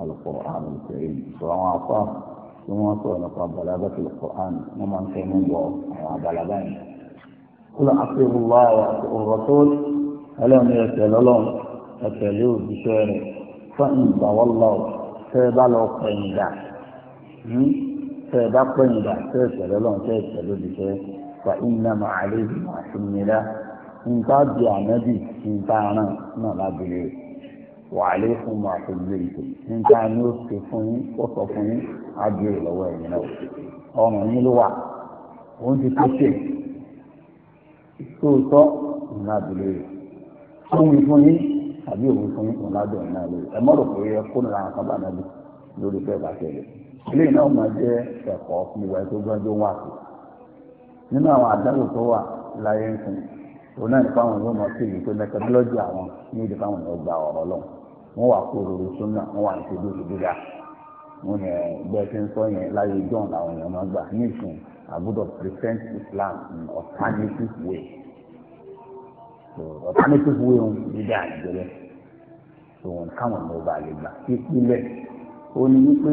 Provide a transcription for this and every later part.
القرآن الكريم فوعطاه ثم وصل بلاغة القرآن ومن كان بلاغان قل أطيعوا الله وأطيعوا الرسول ألم يتللون أتلوا بشعر فإن تولوا فبلوا قيدا فبلوا قيدا فيتللون فيتلوا بشعر فإنما عليه ما حمل إن تابع نبي إن كان ما لا بليه wàhálẹ́ fún ma fi gbé ìtò níta ni ó ṣe fún yín ó sọ fún yín á béèrè lọ́wọ́ ẹ̀yìn náà ọmọ yín ló wà òun ti tó ṣe tóòtọ́ ìrìn àbúlé rẹ̀ fún mi fún yín tàbí òun fún yín òun ládùn ìrìn àbúlé ẹ mọ́rò pé ẹ kó nira kan bá nàbí lórí bẹ́ẹ̀ bá tẹ̀lé náà máa jẹ́ ẹ̀kọ́ fún ìwà gbọ́njọ́ wà sí nínú àwọn tó wà láyé wọ́n wà kó lórí súnà wọ́n wà nítorí ìdúrà wọ́n yẹ bẹ́ẹ̀ tí ń sọ yẹn láyé john làwọn èèyàn máa gbà nísìn àbúrò present Islam in alternative way so alternative way ń dídá àjẹlẹ so wọn káwọn ní ọba lè gbà ìpìlẹ̀ ó ní wípé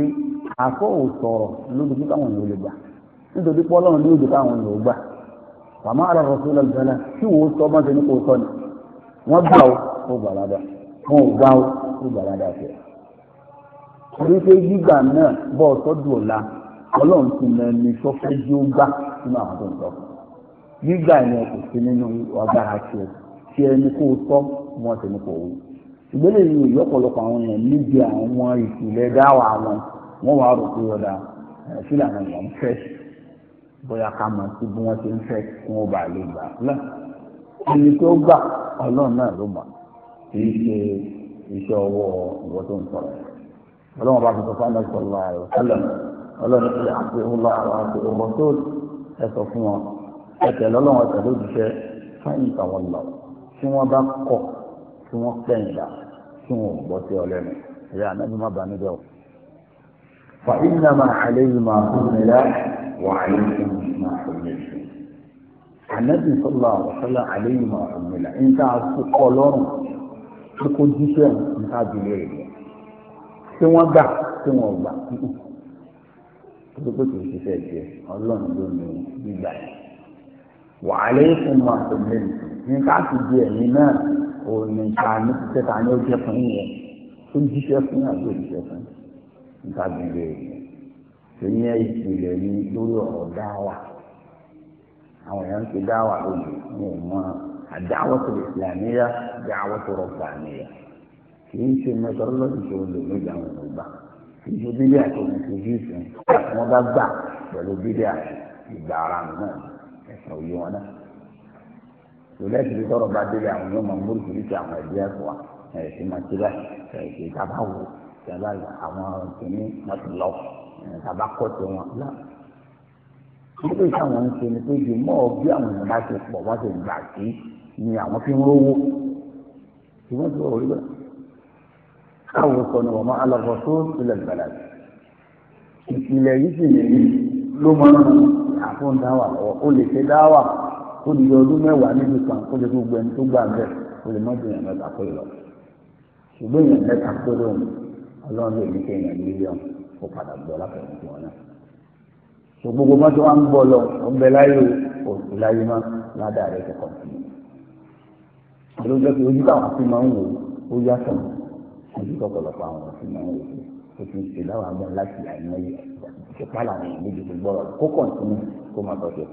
àfọwò sọ̀rọ̀ lójú tí káwọn ní ó lè gbà nítorí pé ọlọ́run ní òjò káwọn ní ó gbà màmá ara rọ̀ sí ọlọ́run tí wọ́n sọ bá ní kò sọ ni wọ́n gbà ó ó gbà ládàá wọn ò gbà ó kú gbàrà dàpọ̀ torí pé gbígbà náà bọ́ ọ̀tọ́jú ọ̀la ọlọ́run ti mọ ẹni tó fẹ́ jí ó gbà nínú àwọn tó ń sọ gbígbà yẹn kò sí nínú agbára tiẹ̀ tí ẹni kó sọ wọn sì ní kò wú ìgbélé yìí ìyọ́pọ̀lọpọ̀ àwọn èèyàn níbi àwọn ìpìlẹ̀ dáwà wọn wọ́n wàá rò pé ọ̀dà fílà náà wọ́n fẹ́ bóyá ká mọ̀ sí bí wọ́n ti ń fẹ́ kí wọ́n bá lè gbà náà ẹni tó gbà ọlọ́run náà ló mọ̀ kì í ṣe iṣẹ́ ọwọ́ ìwọ tó ń sọ̀rọ̀ ọlọ́run bá fi sọ fún ànábì sallallahu alaihi wasallam ọlọ́run ti àti ọlọ́ àwọn àti ọmọ tó ẹ sọ fún wọn ẹ̀tẹ̀ lọ́lọ́run ẹ̀tẹ̀ lójúṣẹ́ fáyìn ìtàwọn lọ tí wọ́n bá kọ̀ tí wọ́n pẹ̀yìndà tí wọ́n gbọ́ sí ọ lẹ́nu ẹ̀yà ànábì má bàa níbẹ̀ o. fa iná máa máa fún mi rá wà á yẹ kí n máa fún mi pé kó jíṣẹ́ nǹkan àbílẹ̀ rẹ̀ yẹn tí wọ́n gbà tí wọ́n gbà tó pé kì í ṣiṣẹ́ jẹ ọlọ́run ló ní gbígbà yẹn wàhálẹ́ fún ma tó mẹ́rin ní káàkiri di ẹ̀mí náà òun ní ká ní ṣiṣẹ́ ká ní ó fún yẹn tó jíṣẹ́ fún yàrá tó fún nǹkan àbílẹ̀ rẹ̀ yẹn èyí ẹ ìpìlẹ̀ ní lórí ọ̀rọ̀ dáwà àwọn èèyàn ti dáwà lónìí wọn mọ الدعوة الإسلامية دعوة ربانية kìí ṣe mẹtọrọlọjì tó lò lójà àwọn ọgbà kìí ṣe bíbí àtọkùn tó yí fún wọn bá gbà pẹ̀lú bíbí ìgbà ara náà ẹsẹ̀ òye wọn náà lórí ẹsẹ̀ tó tọrọ bá délé àwọn yóò máa múlò kìrìtì àwọn ẹbí ẹ̀kọ́ wa máa ti rẹ ẹsẹ̀ tábà wò tábà àwọn kìíní wọn ti lọ tábà kọ tó wọn náà nítorí táwọn ń ṣe ni pé jù mọ́ bí àwọn èèyàn bá ṣe pọ̀ wá ṣe gbà sí ni àwọn fi ń rówó ṣùgbọ́n tí wọ́n rí bẹ́ẹ̀ káwọn sọ ni wọ́n máa alọ́kọ̀ tó tilẹ̀ gbàdá ìpìlẹ̀ yìí sì yẹn ló máa ń àfún dáwà lọ́wọ́ ó lè ṣe dáwà ó di ọdún mẹ́wàá níbi kan ó lè gbogbo ẹni tó gbà bẹ́ẹ̀ ó lè má ju mẹ́ta pé lọ ṣùgbọ́n èèyàn mẹ́ta péré òun ọlọ́run lè ní tó gbogbo mọ́tò wa ń bọ̀ lọ ọbẹ̀ láyé o òsì láyé má ládàá rẹ̀ kẹ̀kọ́ sí i ló ń jẹ́ pé ojú táwọn fi máa ń wò ó yàtọ̀ ojú tọ̀pọ̀lọpọ̀ àwọn fi máa ń wò ó ti ń ṣe láwọn agbọ́n láti àìmọye ìṣèpá làwọn èèyàn méjì gbogbo ọ̀rọ̀ kó kàn sí mi kó máa tọ́jú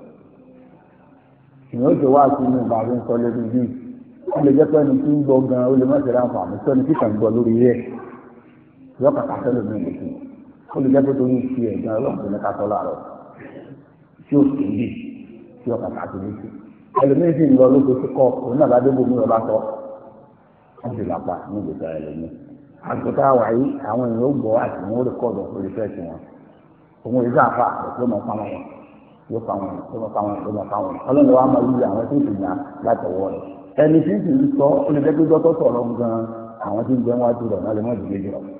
ìyẹn ó ti wá sí inú bàbá ń sọ lórí bíi ó lè jẹ́ pé tí ń gbọ́ gan ó lè má ṣe ráǹfà ó lè jẹ́ pé torí ti ẹ̀ tí ó kéde tí ó kàkà tó létí ẹlòmíín ń lọ lóko kọ òun náà bá ọba wọn sì lápá ní ìgbésẹ̀ ẹlòmíín àtúntà wáyé àwọn èèyàn ó gbọ́ àti wọn ó lè kọ fún rìfẹsì wọn òun ìdá àfa ọlọ́run wa máa àwọn tó sọ̀rọ̀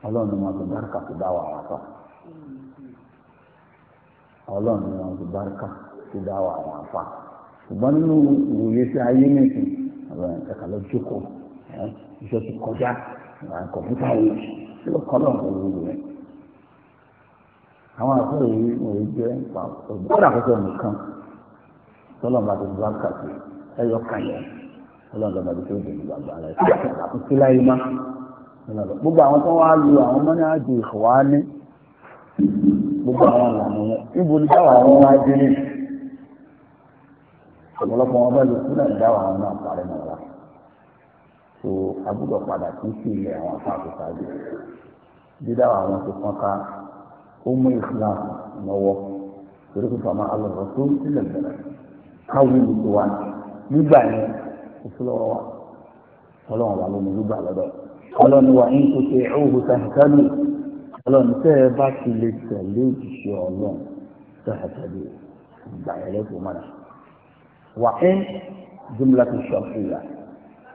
ọlọ́run ni wọ́n fi báríkà tó dá wà wá fà ọlọ́run ni wọ́n fi báríkà tó dá wà wá fà ṣùgbọ́n nínú ìwòye sí ayé nìkan ọlọ́run kẹkà lọ jókòó iṣẹ́ ti kọjá kọ̀m̀pútà yìí tí ó kọ́lọ̀ ọ̀rọ̀ rẹ̀ àwọn àfẹ́ yìí wòye jẹ́ ọ̀gbọ́n àkọ́kọ́ nìkan tọ́lọ̀ máa ti báríkà tó ẹyọ kàyẹ ọlọ́run lọ́mọdé tó dùn gbogbo àwọn tó wá lu àwọn mọ́ni àjò ìwà ní gbogbo àwọn ìlànà wọn níbo ni dáwà àwọn wá dé ní ọ̀pọ̀lọpọ̀ wọn bá lè kú náà dáwà àwọn náà parí náà wá so agbọ́dọ̀ padà sí sí ilẹ̀ àwọn afáàkùsà jù dídáwà àwọn tó kàn ká ó mú ìfúnná lọ́wọ́ torí kò fàmà alọ̀rọ̀ tó sílẹ̀ bẹ̀rẹ̀ káwé lùtò wa nígbà yẹn òfúlọ́wọ́ wa ọlọ́run wà lónìí nígbà lọ́dọ̀ yìí ọlọ́ni wà ní kò tẹ ọ̀hù tàhátàlù ọlọ́ni tẹ́ ẹ bá ti lè tẹ̀lé ìṣe ọlọ́run tàhátàlù gbà ẹ lẹ́kọ̀ọ́ mọ́ra wà ní jumla tó ṣàfihàn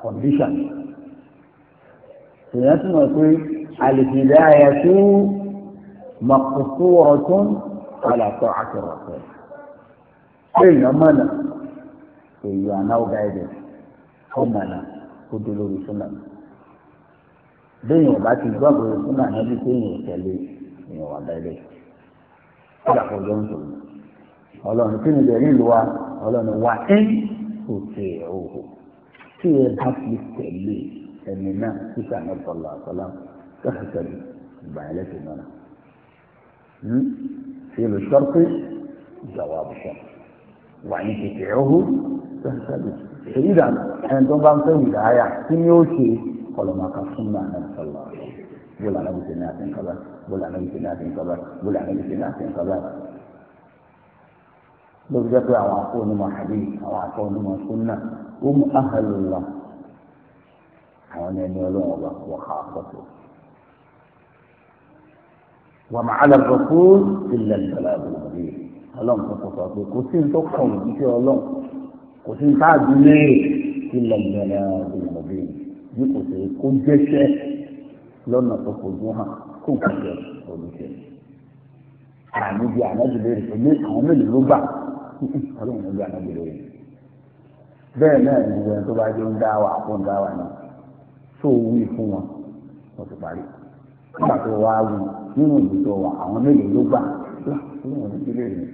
condition èèyàn tún mọ̀ pé àlèkìdá ayà tó mọ̀kùsùwọ̀rọ̀ tó ń kàlàtọ̀ àkẹrọ̀ pẹ̀. èèyàn mọ̀nà èèyàn náà gáìdẹ̀ ọmọ kó dé lórí fúnra bẹ́ẹ̀ yóò bá ti gbàgbọ́ fún ànábì pé yóò tẹ̀lé èèyàn wà bẹ́ẹ̀ kódà kò jọ ń sòrò ọlọ́run kí ni bẹ̀rẹ̀ ìlú wa ọlọ́run wà ẹ́ kò tẹ̀ òhò tí ẹ bá ti tẹ̀lé ẹni náà títà náà tọ̀lọ̀ àtọ́lá kẹ́sì ìgbà yẹn lẹ́sìn náà hmm? ṣe lè sọ pé ìjàwá àbùsọ wà ní tẹ̀tẹ̀ òhò kẹ́sì èyí dà ẹni tó bá ń fẹ́ ìdáyà kí ni ó ṣe kọlọmọ kan fún náà náà sọlọ bóòlù àná bìtẹ náà ti ń kọlá bóòlù àná bìtẹ náà ti ń kọlá bóòlù àná bìtẹ náà ti ń kọlá. lórí jẹ́ pé àwọn akó onímọ̀ àbí àwọn akó onímọ̀ súnà ó mú áhàlù lọ àwọn ní ẹni ọlọ́run ọba wọ̀ ká àkọ́tò. wà má alàgbà kó ilẹ̀ ìgbàlá ìgbàlá ọlọ́run tó sọ pé kò sí ní tó kàn òjíṣẹ́ ọlọ́run kò sí ní táàbí léèrè ilẹ̀ ìgbàlá ìgbàlá bí kò sí kó jẹ́ṣẹ́ lọ́nà tó fojú hàn kó kò jẹ́ olùṣẹ́. àmì bíi ànábìlẹ̀ rẹ̀ pé àwọn mélòó ló gbà ọlọ́run ló gbà ànábìlẹ̀ rẹ̀. bẹ́ẹ̀ náà ni ìwé tó bá jẹ́ ń dá wà fún dá wà náà tó wí fún wọn wọ́n ti parí. nígbà tó wá wù nínú ìdìtò wà àwọn mélòó ló gbà ọlọ́run ló gbélé rẹ̀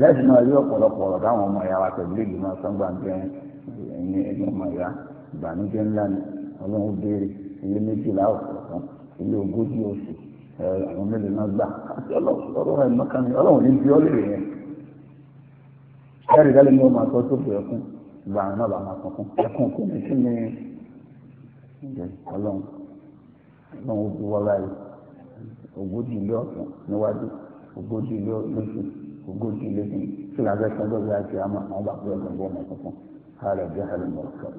lẹ́sìn náà rí ọ̀pọ̀lọpọ̀ ọ̀rọ̀ táwọn ọmọ ìyá wa tẹ̀lé ìgbìmọ̀ sọ́ngbà ń bẹ́ẹ̀ ẹ̀yìn ẹ̀yìn ọmọ ìyá ìbànújẹ́ ńlá ni ọlọ́run béèrè ilé méjìlá ọ̀sán ilé ogójì oṣù àwọn mélòó náà gbà àti ọlọ́run ẹ̀ mọ́kàn ni ọlọ́run ní bí ọlẹ́rẹ̀ yẹn ẹ̀rí dálé ni ó máa sọ sókè ẹkún ìgbà àwọn náà bá máa sọ fún ẹkún kò ní kí ni ọlọ́run ọlọ́run ó bu wọlá yìí ogójì ilé ọ̀sán níwájú ogójì ilé lóṣù ogójì ilé kí ni kí làbẹ́ sọ́dọ̀ bí a ti àmọ́ àwọn bá pẹ́ ọmọ tuntun ká rẹ̀ jẹ́ ẹ̀rọ mọ̀ọ́kọ́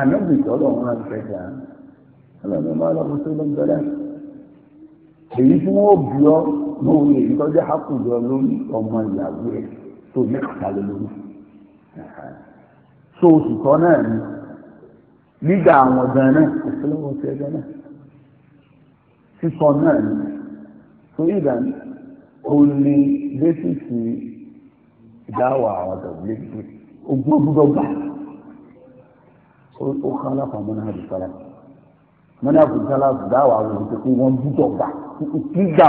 ànábì tọ́lọ̀ máa ń tẹ̀sà ọlọ́mọ máa lọ́mọ tó ló ń tọ́lá. èyí tí wọ́n bù ọ́ mọ òye èyí tọ́jú àkùjọ lórí ọmọ ìyàwó ẹ̀ tó ní àkàlẹ̀ lórí. so oṣù kan náà ni nígbà àwọn gan náà kò sí lọ́wọ́ ẹgbẹ́ náà sísọ náà ni so ìgbà ó ní bẹ́sìsì ìdáwọ̀ àwọn tọ̀gbìn ogún ọdún dọ́gba o ó kán aláfàmọ́ náà lè fara mọ́nà àbùdá aláàbùdá àwọn àwọn òṣìṣẹ́ pé wọ́n dúdọ̀ gbà gbígbà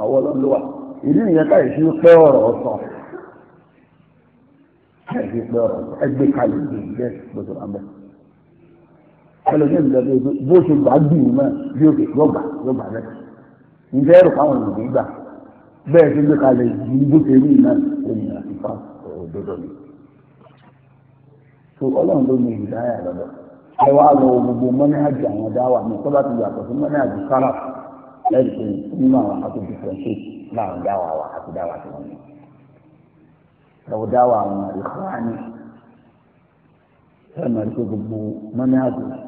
àwọn ọlọ́run ló wà ìdí nìyẹn táyì sí pẹ́ ọ̀rọ̀ ọ̀sọ̀ ẹ̀gbẹ́ pẹ́ ọ̀rọ̀ ọ̀sọ̀ ẹgbẹ́ kalẹ̀ ìgbẹ́ gbọ́dọ̀ àmọ́ ẹlòmíì ń lọ́dọ̀ bó ṣe gbà gbìyànjú náà bí òkè yọ̀gbà yọ̀gbà rẹ̀ ǹjẹ́ ẹ̀rù fáwọn ènìyàn gbà bẹ́ẹ̀ o gbé kalẹ̀ ìgbó tó ọlọ́run ló ní ìdáyà lọ́dọ̀ ẹ wá lọ gbogbo mọ́nájì àwọn dáwà ní tó ti yàtọ̀ sí mọ́nájì sára ẹ̀rì pé nínú àwọn àtúntò ṣe láwọn dáwà wa àti dáwà tí wọ́n ní. ẹ̀wọ̀ dáwà àwọn ìkọ́ni ẹ̀ máa gbogbo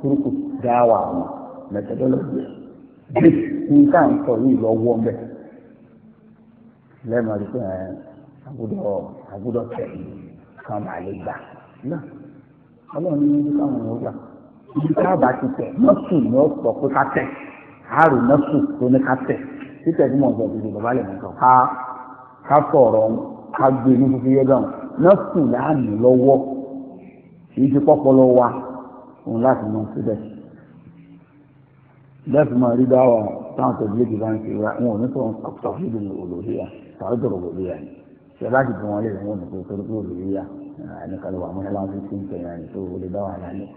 kúrúkù dáwà àwọn bí ń sọ yìí mẹ́ àti pé àgùdọ̀ àgùdọ̀ máa lè gbà náà. ọlọ́run ní ibi káwọn èèyàn gbà ibi káàbà ti tẹ̀ nọ́ọ̀sù ni ó sọ pé ká tẹ̀ àárò nọ́ọ̀sù tó ní ká tẹ̀ títẹ̀ tí mo bọ̀ dìde bàbá lè mọ̀ ká ká sọ̀rọ̀ ká gbé ní fífi yẹ gan nọ́ọ̀sù láàmì lọ́wọ́ kì í ti pọ́pọlọ wa òun láti mọ síbẹ̀ lẹ́ẹ̀fì máa rí dáwà táwọn tó délé ti bá ń ṣèwà wọn ò ní sọ̀rọ̀ tàbí tó lòlòyà tàbí tó lòlòyà ṣe láti bí wọn nìkan ló wà mọ́ láwọn tó ti ń pè yàn tó o lè bá wà lálẹ́.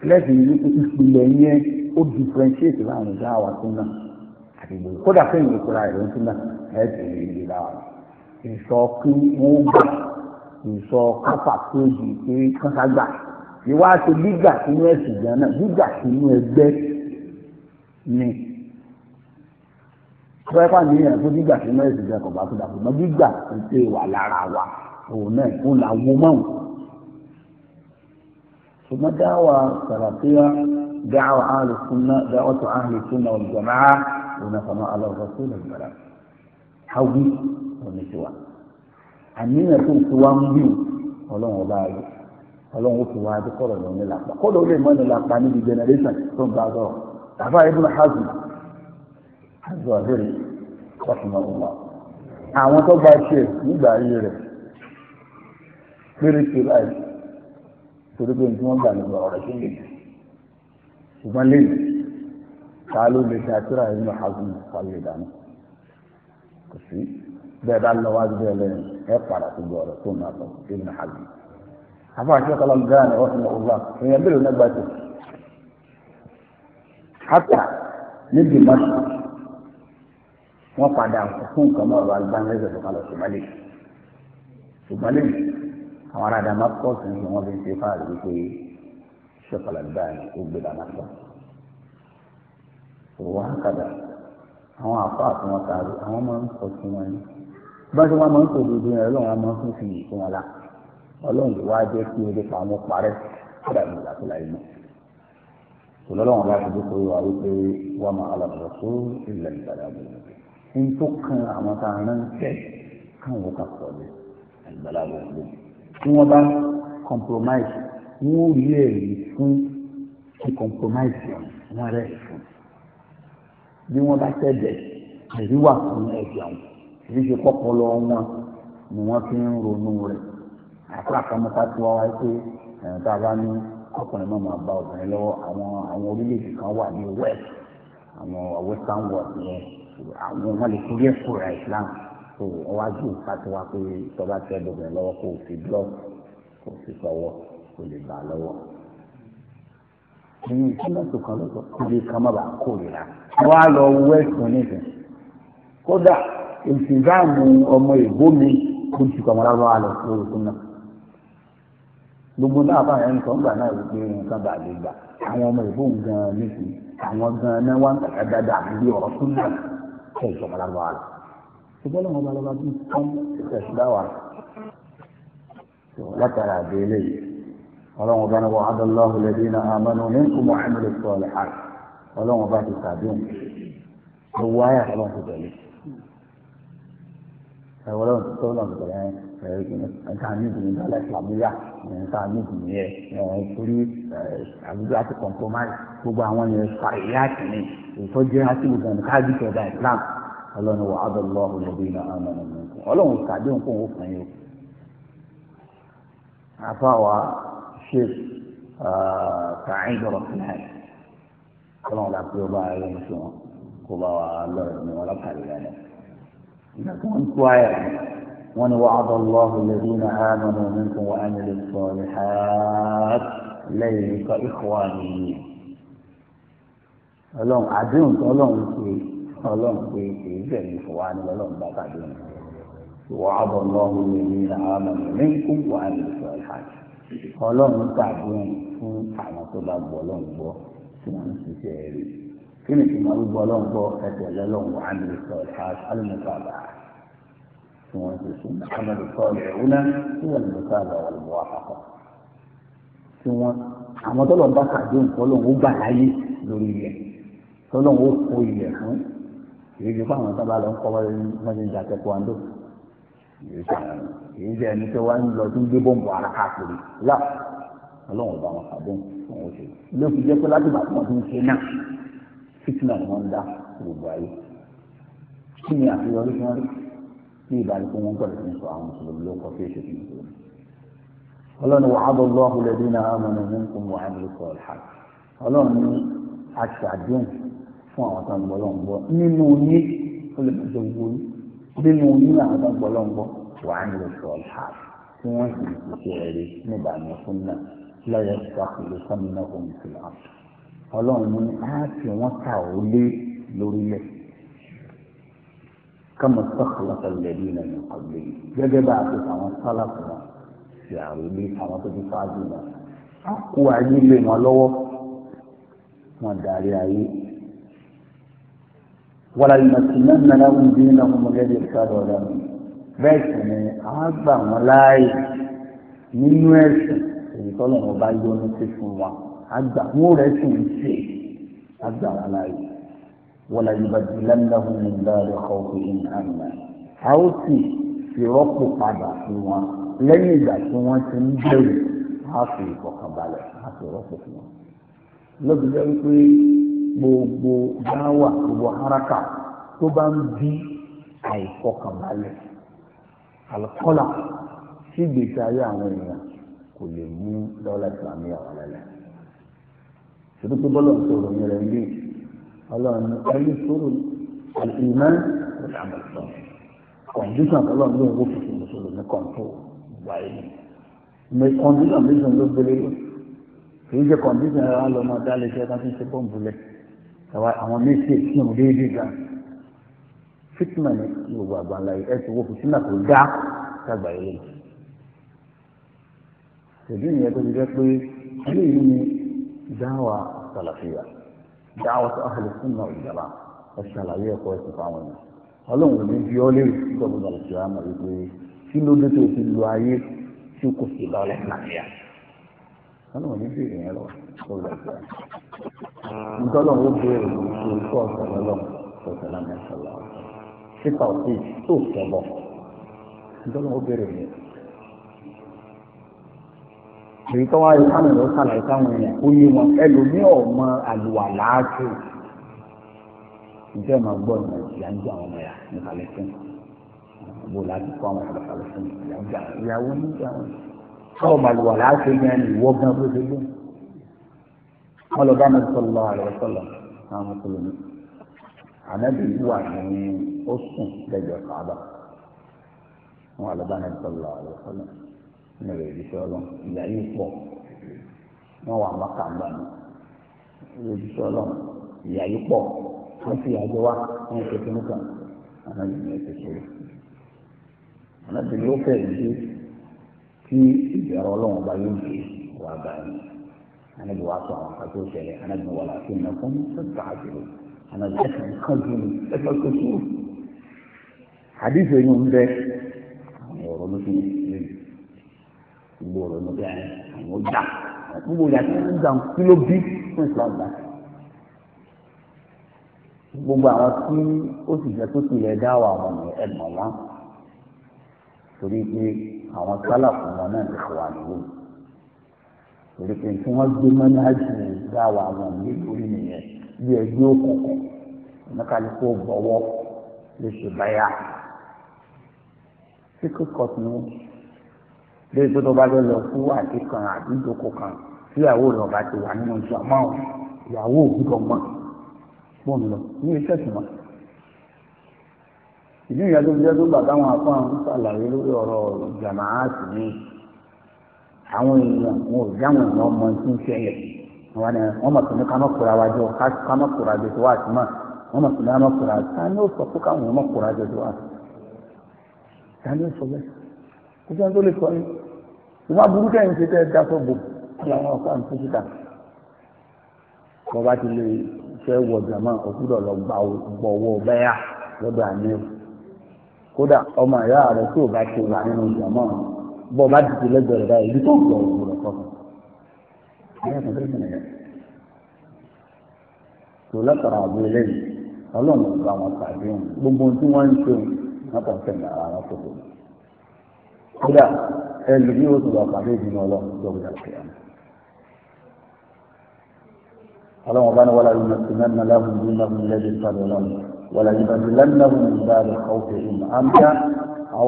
kílẹ̀sì yìí ìpìlẹ̀ yẹn ó differentiate láàrin ìjà wa tó náà àti ìgbòho kódà fún ìwé kura ìròyìn tó náà ẹ̀ tó lè lè bá wà lọ. ìsọ kí wọ́n gbà ìsọ káfà tó di pé kánṣá gbà ìwà àti gbígbà sínú ẹ̀sìn gan náà gbígbà sínú ẹgbẹ́ ni pẹ́pà níyàn tó gbígbà sínú ẹ̀sìn gan kò bá tó dàbò mọ́ gbígbà òun náà òun là wo mọ́wùn. ṣùgbọ́n dáwà sàràfíà dáwà ahlu sunna dáwà tó ahlu sunna wal jamaa òun náà fama ala rasul al-bara hawi òun ní tiwa. àníyàn tó ti wá ń bí ọlọ́run ọba rẹ̀ ọlọ́run ó fi wá adé kọ́rọ̀ lọ ní làpá kọ́rọ̀ ó lè mọ́ ní làpá níbi generation tó ń bá sọ̀rọ̀ tàbá ibùdó hazmi hazmi wà lórí kọ́sùmọ́ ọ̀gbọ́n àwọn tó gba ṣe nígbà ayé rẹ̀ péréte báyìí torí pé nǹkan gbà lọ́wọ́ ọ̀rọ̀ sí lè jù ṣùgbọ́n lè jù ta ló lè ṣe àtúrà yìí lọ hagun falẹ̀ dànù kò sí bẹ́ẹ̀ bá lọ wájú bẹ́ẹ̀ lẹ́yìn ẹ padà tó gbọ́ ọ̀rọ̀ tó ń nàbọ̀ ibn hagun afa àti ọkọlọ gán ni ọsùn ọgbà èèyàn bẹ̀rẹ̀ nígbà tó hátà níbi mọ́tò wọ́n padà fún nǹkan ọ̀rọ̀ alùpàá tó kálọ̀ ṣùgbọ́n àwọn ará Damascus ní wọ́n fi ń ṣe fáàlì wípé ṣọ́kàlà báyìí ó gbé Damascus òwò àkàdà àwọn àfa àti wọn kàwé àwọn máa ń sọ sí wọn ni bá ṣe wọn máa ń sọ òdodo yẹn Ọlọ́run wọn máa ń fún fi yìí fún wọn la Ọlọ́run yìí wá jẹ́ kí orí pa àwọn parẹ́ kódà ní ìlà tó láyé mọ́ tòlọ́lọ́wọ́n bá ti dé wípé wọ́n máa alàbọ̀ tó ilẹ̀ ìbàdàn àbúrò ní tó kan àwọn tá a rán ń tẹ́ káwọn kà pọ̀ ní ìbàdàn àbúrò tí wọ́n bá compromise wọ́n rí ẹ̀rí fún kí compromise wọn rẹ̀ fún bí wọ́n bá tẹ̀lé ẹ̀rí wà fún ẹ̀jẹ̀ wọn èyí ṣe kọ́pọ̀lọ́ wọn ni wọ́n fi ń ronú rẹ̀ àpá àkàmọ́ta tí wọ́n wáyé pé ẹ̀rọ tá a bá ní ọkùnrin náà máa bá obìnrin lọ́wọ́ àwọn àwọn orílẹ̀-èdè kan wà ní west àwọn western world yẹn àwọn wọn lè torí ẹ̀kọ́ ra islam tó ọwájú ìpàtó wa pé tọ́ba tẹ ẹ̀dọ̀gbẹ̀ lọ́wọ́ kó o fi blọ́ọ̀kì kó o fi sọ́wọ́ kó o lè bà á lọ́wọ́. ẹ̀yin ìsúnmọ̀tò kan lọ́sọ̀ kó lè ká má bàa kórìíra wọ́n á lọ wẹ́sùn nísìn kódà èsì ìdáàmú ọmọ ìbò mi kó ti kọ́ ọmọ lọ́wọ́ àlọ́ lórí fún náà gbogbo náà bá yẹn nǹkan gbà náà wípé nǹkan bá lè gbà àwọn ọmọ ìbò gan-an nísìn àwọn gan-an náà kàkà dáadáa àbí ọ̀rọ̀ fún náà kó ìjọba lọ́wọ́ àlọ́ ṣùgbọ́n lọ́wọ́ bá lọ́ba tó ń tán ẹ̀ṣúdá wa látara àdéhùn yìí ọlọ́wọ́ bá ní wọ́n adọ́láhùn lẹ́bí iná àmọ́nù ní kú mọ́ àmì lẹ́sọ̀ ọ̀lẹ́ ha ọlọ́wọ́ bá ti sàdéhùn ló wá yà ọlọ́wọ́ ti tẹ̀lé ẹ̀wọ́n lọ́wọ́ tó lọ́wọ́ ti tẹ̀lé ẹ̀ka ní ìdùnnú dálẹ̀ ìsàmúyà ẹ̀ka ní ìdùnnú yẹ ẹ̀ torí àbújá ti kọ̀ǹpọ̀ máa gbogbo àwọn yẹn fàyà ọlọ́run wà ádọ́ lọ́wọ́ lóbi iná àmàlà mẹ́kọ́ ọlọ́run kàdé nǹkan ó fún yín o àfàwà sheikh kàáyìn dọ̀rọ̀ fúláì ọlọ́run láti ọba ayé ń sọ kó bá wà lọ́rọ̀ ní wọn lọ́kàlẹ̀ lẹ́nu ìgbà tí wọ́n ń kó ayà wọn ni wà ádọ́ lọ́wọ́ lóbi iná àmàlà mẹ́kọ́ wà á nílé sọ̀rọ̀ lẹ́yìn ikọ̀ ìkọ̀wá nìyí ọlọ́run àdéhùn tó ọlọ́run ṣe ọlọ́run pé èyí bẹ̀rẹ̀ fún wa ní ọlọ́run bá pàdé mi ìwọ àbọ̀ lọ́hùn mi ní àwọn ọmọ mi ní kó wà ní ìfọ̀ ìhàjì ọlọ́run pàdé mi fún àwọn tó bá gbọ́ ọlọ́run gbọ́ tí wọ́n ń ṣiṣẹ́ rẹ̀ kí ni ìtumọ̀ gbogbo ọlọ́run gbọ́ ẹsẹ̀ lọ́lọ́run wà ní ìfọ̀ ìhàjì alùmọ̀tàbà tí bá pàdé nǹkan ọlọ́run ó gbà láyé lórí ilẹ̀ tọ́lọ́run ó kó ilẹ̀ fún kì í ṣe fún àwọn sábà lọ ń kọ́ wọ́n ṣe ń jà tẹ́kọ̀ àndó kì í ṣe ẹni tó wá ń lọ tó ń gbé bọ́ǹbù ara káàkiri lá ọlọ́run ọba wọn àbọ̀ òun ṣe ló fi jẹ́ pé láti bá wọn tó ń ṣe náà fitna ni wọ́n ń dá gbogbo ayé kí ni àfihàn orí fún wọn rí ní ìbáraẹni fún wọn gbọ́dọ̀ fi ń sọ àwọn mùsùlùmí ló kọ fí èsì fún mùsùlùmí ọlọ́run wàhálà ọlọ́run lẹ́dínà àmọ́ ní mú kún wàhálà ọlọ́run ní aṣàdéhùn fún àwọn tó ń gbọ́ lọ́n gbọ́ nínú yín ó lè bàjẹ́ gbogbo yín nínú yín làwọn tó ń gbọ́ lọ́n gbọ́ wà á nílò sọ̀rọ̀ ha tí wọ́n sì ń ṣiṣẹ́ rẹ̀ nígbà yẹn fún náà lọ́yẹ̀ sàkóso sọ́mìnà òun ti là ń ọlọ́run mú ni á fi wọ́n ta ò lé lórílẹ̀ kama sọ́kàlọ́kọ̀ lẹ́bí náà ní ọ̀gbìn gẹ́gẹ́ bá a ti àwọn sálàkù náà ṣe àròlé àwọn tó ti fáájú náà á kó ayé lé wọn lọ́wọ́ wọn darí ayé wàlá ìmọ̀tìmọ̀ nana ń bí iná fún mọ̀lẹ́bí ìṣàlọ̀ ọ̀dà mi bẹ́ẹ̀ sì ni àwọn gbà wọ́n láàyè nínú ẹ̀sìn èyí tọ́lọ̀ wọn bá yọnu sí fún wa àgbà wọn rẹ̀ sì ń ṣe àgbà wọn láàyè wàlá ìbàdìlẹ̀ nana fún mi láàrin ọkọ̀ ìhìn àmì a ó sì fi rọ́pò padà fún wa lẹ́yìn ìgbà tí wọ́n ti ń bẹ̀rù á fi ìfọ̀kànbalẹ̀ á fi rọ́pò fún wa lóbi wípé gbogbo dáwà gbogbo haraka tó bá ń bí àìfọkànbalẹ̀ àlùkọ́là tí ìgbésí ayé àwọn èèyàn kò lè mú lọ́la ìsàmì àwọn lẹ́lẹ̀. ṣùgbọ́n tó bọ́lọ̀ sọ̀rọ̀ yẹn rẹ̀ lé ọlọ́run ẹni sọ̀rọ̀ àlùmọ́ ìlànàṣọ kọ̀ǹdíṣàn ọlọ́run ló ń wó fífi mùsùlùmí kọ̀ǹtò wáyé mi kọ̀ǹdíṣàn méjì ló gbélé lọ kì í ṣe kọ̀ǹdíṣàn ẹ̀rọ alọ́mọdé alẹ́ ká fi ṣe pọ́ǹbù lẹ́yìn àwọn méjì tí òun déédéé gan fitina ní gbogbo àgbàlá yìí ẹ ti wo fitina tó dá sàgbà yìí lẹ́yìn tẹ̀lé ìyẹn tó ti jẹ́ pé eléyìí ni dáwà sàlàfíà dáwà tó ahlu sunna ìjàmbá ẹ ṣàlàyé ẹ̀kọ́ ẹ̀sìn fáwọn èèyàn ọlọ́run ní bí ọlẹ́ ìgbọ̀gbọ̀n àlùfíà mọ̀ wípé kí ló dé tó ti lu ayé tí kò sí lọ́lẹ̀ nàìjíríà wọn ò ní bèrè yẹn lọ kó lọ sí ntọ́lọ́ ah. ó bèrè ní kó ọ̀sẹ̀ lọ́lọ́ ọ̀sẹ̀ lọ́mọ ẹ̀sẹ̀ lọ sípà òsì tó sọ̀bọ̀ ntọ́lọ́ ó bèrè yẹn. èyí tó wáyé sáwọn èèyàn sàlàyé sáwọn èèyàn ó yé wọn ẹlòmíì ọ̀mọ àlùwàlá tó ìjẹ́ máa gbọ́ ìmọ̀ ìyá ń jẹ àwọn ọmọ yà ní Palestine bó láti kọ́ àwọn ọmọ Palestine ìyàwó ní ìjà tọ́wọ́ màlúwà láti yan ìwọ gan bó ṣe lé wọn lọ bá mi sọlọ àlọ sọlọ àwọn mùsùlùmí ànábì wà ní ó sùn lẹ́jọ́ káàbà wọn lọ bá mi sọlọ àlọ sọlọ ní rẹ ìdíṣẹ Ọlọ́run ìyá yìí pọ̀ wọn wà mọkà ń bà mí ìyá ìdíṣẹ Ọlọ́run ìyá yìí pọ̀ wọn fi àjọ wa wọn fi kíní kan ànábì ní ẹsẹ sọ̀rọ̀ ànábì ló fẹ́ ìdí tí ìbẹ̀rù ọlọ́run bá yóò gbé wà báyìí anabi wa sọ àwọn akató ṣẹlẹ̀ anabi wà láti nà fún sọta àjùlọ anabi ẹsẹ nǹkan ju ní ẹsẹ kótó àdìsẹ yìí ń bẹ àwọn ọ̀rọ̀ ló fi lè gbogbo ọ̀rọ̀ ló bẹ àwọn ọjà gbogbo ọjà tí ń dàn kí ló bí fún islam náà gbogbo àwọn tí ó sì jẹ tó ti yẹ dá wà wọn ẹgbọn wọn torí pé àwọn sálàfù wọn náà lè fọwọ́ àníwò torí pé tí wọ́n gbé mọ́ náà jù dáwà àwọn nítorí nìyẹn bí ẹgbẹ́ òkùnkùn oníkálukú bọ̀wọ́ lè ṣe báyà secret court ni lè gbé tó bá lọ lọ fún àti kan àti ìdókò kan tíyàwó rẹ̀ ọ̀gá ti wà nínú ìjọ àmọ́ ìyàwó òbí kan mọ́ bóun lọ ní iṣẹ́ ìtumọ̀ ìdí ìyá tó fi jẹ́ tó gbà táwọn afọ́n ń ṣàlàyé lórí ọ̀rọ̀ jàmáàtì ní àwọn èèyàn wọn ò jáwọn èèyàn ọmọ tí ń ṣẹlẹ̀ wọn ni wọn mọ̀ sí ní ká má kóra wájú ká má kóra jẹ tó wà sí mọ́ wọn mọ̀ sí ní ká má kóra ká ní ó sọ pé káwọn èèyàn má kóra jẹ tó wà sí ká ní ó sọ bẹ́ẹ̀ kó sẹ́ni tó lè sọ yín ìwà burúkú ẹ̀yìn ṣe tẹ́ ẹ dáṣọ bò láwọn ọkọ àǹtí síta lọ́dọ̀ àníyàn kódà ọmọ ìyá rẹ tí ò bá ti wà nínú ìjàmọ́ bọ́ bá ti ti lẹ́gbẹ̀ẹ́ rẹ báyìí ibi tó gbọ̀ òkú rẹ kọ́kọ́. tó látara àbú eléyìí ọlọ́run ò bá wọn pàdé òun gbogbo ohun tí wọ́n ń ṣe wọn kàn fẹ́ ní ara wọn kókó. kódà ẹlòmíì ó ti wà pàdé ìdùnnú ọlọ́run tó gbà pé àná. ọlọ́run bá ní wàlá yìí mọ̀ sí mẹ́rin náà láwùjọ náà ń lẹ́bi sáré ọlọ́run wàlàjìbàdìlánàwó ìbára ọ̀fẹ̀hìn àmì àwọn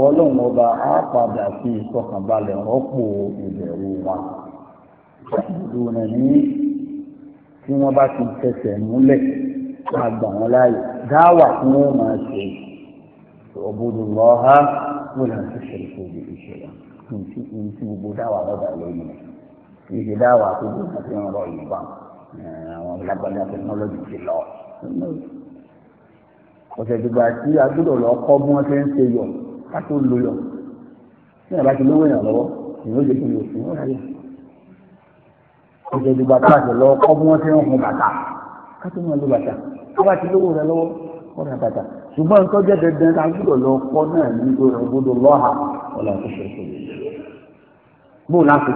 ọlọ́run ọba á padà sí ìsọkànbalẹ̀ rọ́pò ìbẹ̀rù wọn. ìdùnnà ní tí wọ́n bá ti tẹsẹ̀ múlẹ̀ máa gbà wọ́n láàyè dáwà tí wọ́n máa ṣe ọ̀bùdù lọ́ha wọ́n lè ṣe ṣẹlẹ̀ fún òbí ìṣẹ̀lẹ̀ kì í sí gbogbo dáwà lọ́dà lóyún kì í dáwà tó bí wọ́n ti ń rọ ìbọn àwọn tẹkinọ́lọ́jì ti lọ ọ̀sẹ̀ ìgbà tí a gbọ́dọ̀ lọ kọ́ bí wọ́n ti ń ṣe yọ ká tó lo yọ tí yàrá ti lówó yàn lọ́wọ́ ìyẹn ó lè fi yòókù wọn ráyè ọ̀sẹ̀ ìgbà tí a ti lọ kọ́ bí wọ́n ti ń hun bàtà ká tó máa lo bàtà tó bá ti lówó rẹ lọ́wọ́ kọ́ ra bàtà ṣùgbọ́n nǹkan jẹ́ dandan ká gbọ́dọ̀ lọ kọ́ náà ní ọgbọ́dọ̀ lọ́ha ọ̀là ìfẹsẹ̀ bóun láti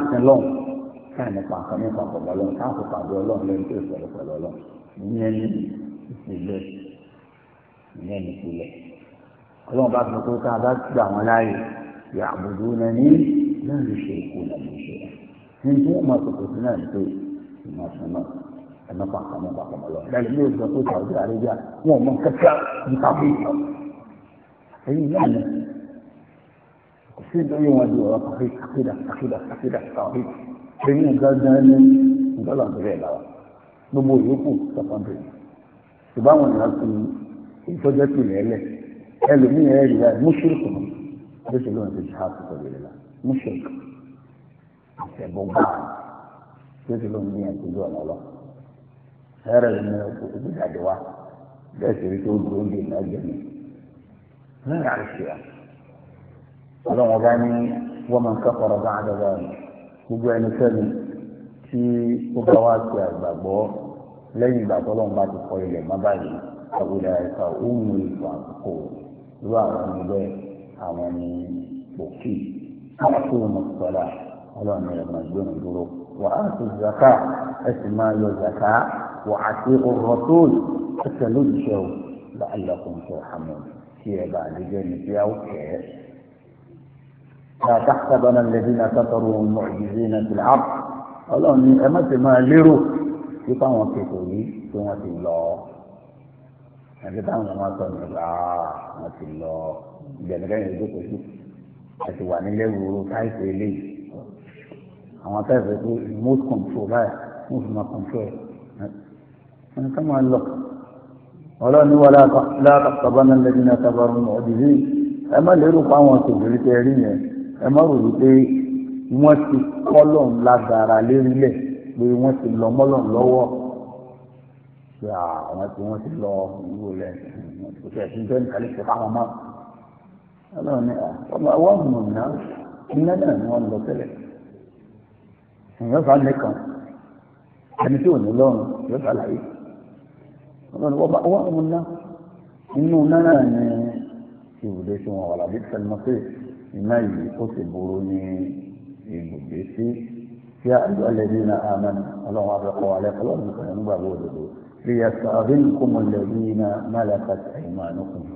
ìyẹn nìpìlẹ̀ ọlọ́run bá sọ pé tá a bá gbà wọn láàyè yà àbùdó náà ní náà lè ṣe ìkó náà lè ṣe ní tí wọ́n máa tòkòtò náà ní pé ìmọ̀sánná ẹ̀mọ́ pàkàmọ́ pàkàmọ́ lọ lẹ́yìn ní oṣù tó sàwọ́dí àríyá wọn ò mọ kẹ́kẹ́ nípa fún ìlọ ẹ̀yìn náà ni kò sí ìdóyè wọn di ọ̀rọ̀ kàfé kàfédà kàfédà kàfédà kàfé ẹ̀yìn nǹkan gan ni nǹkan lọ́dún lára gbogbo ìyókù sọ́kàn ìtọ́jú ẹ̀kú rẹ̀ lẹ̀ ẹlòmíràn ẹ̀rí rẹ̀ mùsùlùkù ni ó ṣe lóun ti jihad pẹ̀lú rẹ̀ la mùsùlùkù ìṣẹ̀bọ̀ gbáà ó ṣe lóun ní ẹ̀kúndú ọ̀nà lọ ẹ̀rẹ̀ ló ní ọkùnrin jáde wá bẹ́ẹ̀ sì rí tó ń dúró dè náà jẹ́ mi lẹ́yìn àṣìyà ọlọ́run ọba ní wọ́n máa ń kẹ́kọ̀ọ́ bá àdọ́gbà rẹ̀ gbogbo ẹnikẹ́ni tí ó bá wá sí àgbàgbọ́ lẹ́yìn ìgbà tọ́lọ́run bá ti kọ ilẹ̀ má báyìí فأولئك هم الفاسقون الواقع بين يعني توفيق أعطوهم الصلاة من المجدون الظروف وأعطوا الزكاة اسماء الزكاة وأطيعوا الرسول فتلجوا لعلكم ترحمون في بعد جنة أوكي لا تحسبن الذين كفروا المعجزين في الأرض ọlọ́run من ẹ má ti máa lérò pé káwọn kékeré tí wọ́n ti àti táwọn ọmọ sọ ní ọgbà ah, wọn ti lọ ìjẹnìkẹyìn ìjókòó sí àti wà nílé wúro káìsì eléyìí àwọn táìsì pé remote control báyà wọn fi máa control wọn ni ká máa lọ ọlọ́ọ̀ni wà náà lẹ́yìn náà tábàrù mọ́ ọ̀dìrí ẹ má lérò pé àwọn tòbìrì tẹ rí yẹn ẹ má rò wípé wọ́n ti kọ́ lọ́n lágbára lérílẹ̀ pé wọ́n ti lọ mọ́lọ́n lọ́wọ́ ṣe àwọn tí wọ́n ti lọ ìwò rẹ̀ kò tẹ̀ sí jẹ́ nìkan ṣe káwọn mọ́. ọlọ́run ní ọmọ ọwọ́ ọ̀nà ìná iná náà ni wọ́n lọ tẹ́lẹ̀. èèyàn fà nìkan ẹni tí ò ní lọ́run yóò ṣàlàyé. ọlọ́run ọba ọwọ́ ọ̀nà ìná inú iná náà ni ibùdó tí wọn wà lábí sẹ́ni mọ́ pé iná yìí ó sì burú ní ibùdó sí. يا أيها الذين آمنوا اللهم أبقوا عليك اللهم كن نبغى ليستغلكم الذين ملكت أيمانكم